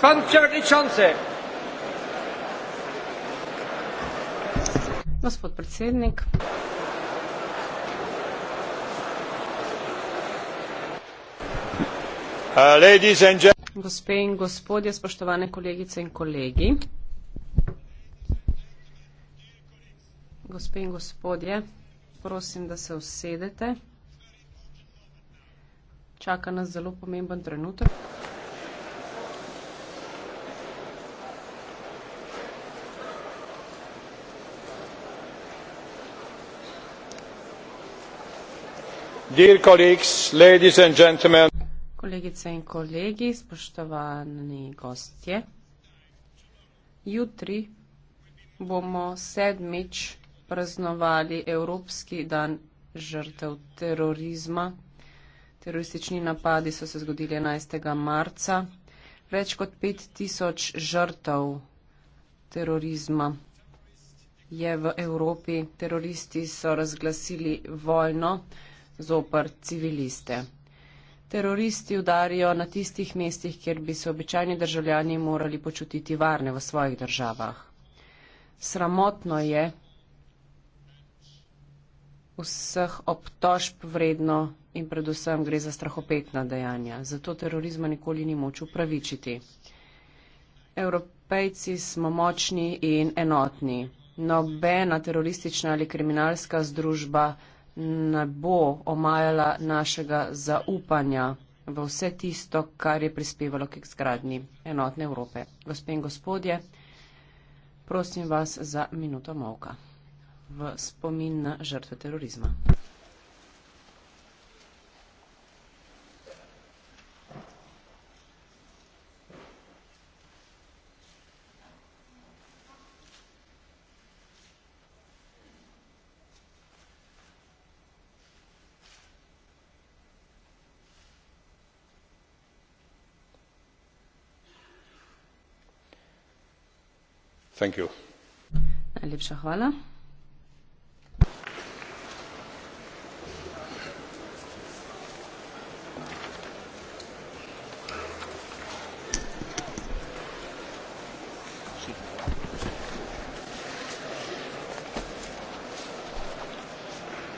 Pan Przewodniczący! Gospod predsednik. Uh, Gospe in gospodje, spoštovane kolegice in kolegi. Gospe in gospodje, prosim, da se usedete čaka nas zelo pomemben trenutek. Dear colleagues, ladies and gentlemen. Kolegice in kolegi, spoštovani gostje. Jutri bomo sedmič praznovali Evropski dan žrtev terorizma, Teroristični napadi so se zgodili 11. marca. Več kot 5000 žrtev terorizma je v Evropi. Teroristi so razglasili vojno zopr civiliste. Teroristi udarijo na tistih mestih, kjer bi se običajni državljani morali počutiti varne v svojih državah. Sramotno je, vseh obtožb vredno in predvsem gre za strahopetna dejanja. Zato terorizma nikoli ni moč upravičiti. Evropejci smo močni in enotni. Nobena teroristična ali kriminalska združba ne bo omajala našega zaupanja v vse tisto, kar je prispevalo k zgradni enotne Evrope. Gospe in gospodje, prosim vas za minuto molka v spomin na žrtve terorizma. Najlepša hvala.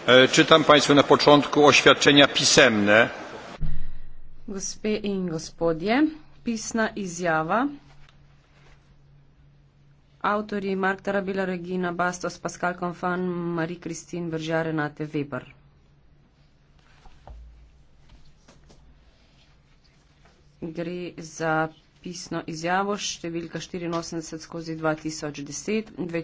E, czytam państwu na początku oświadczenia pisemne pisna izjawa autori Mark Tarabila, Regina Bastos, Pascal Confan, Marie-Christine Berger, Renate Weber. Gre za pisno izjavo številka 84 skozi 2010.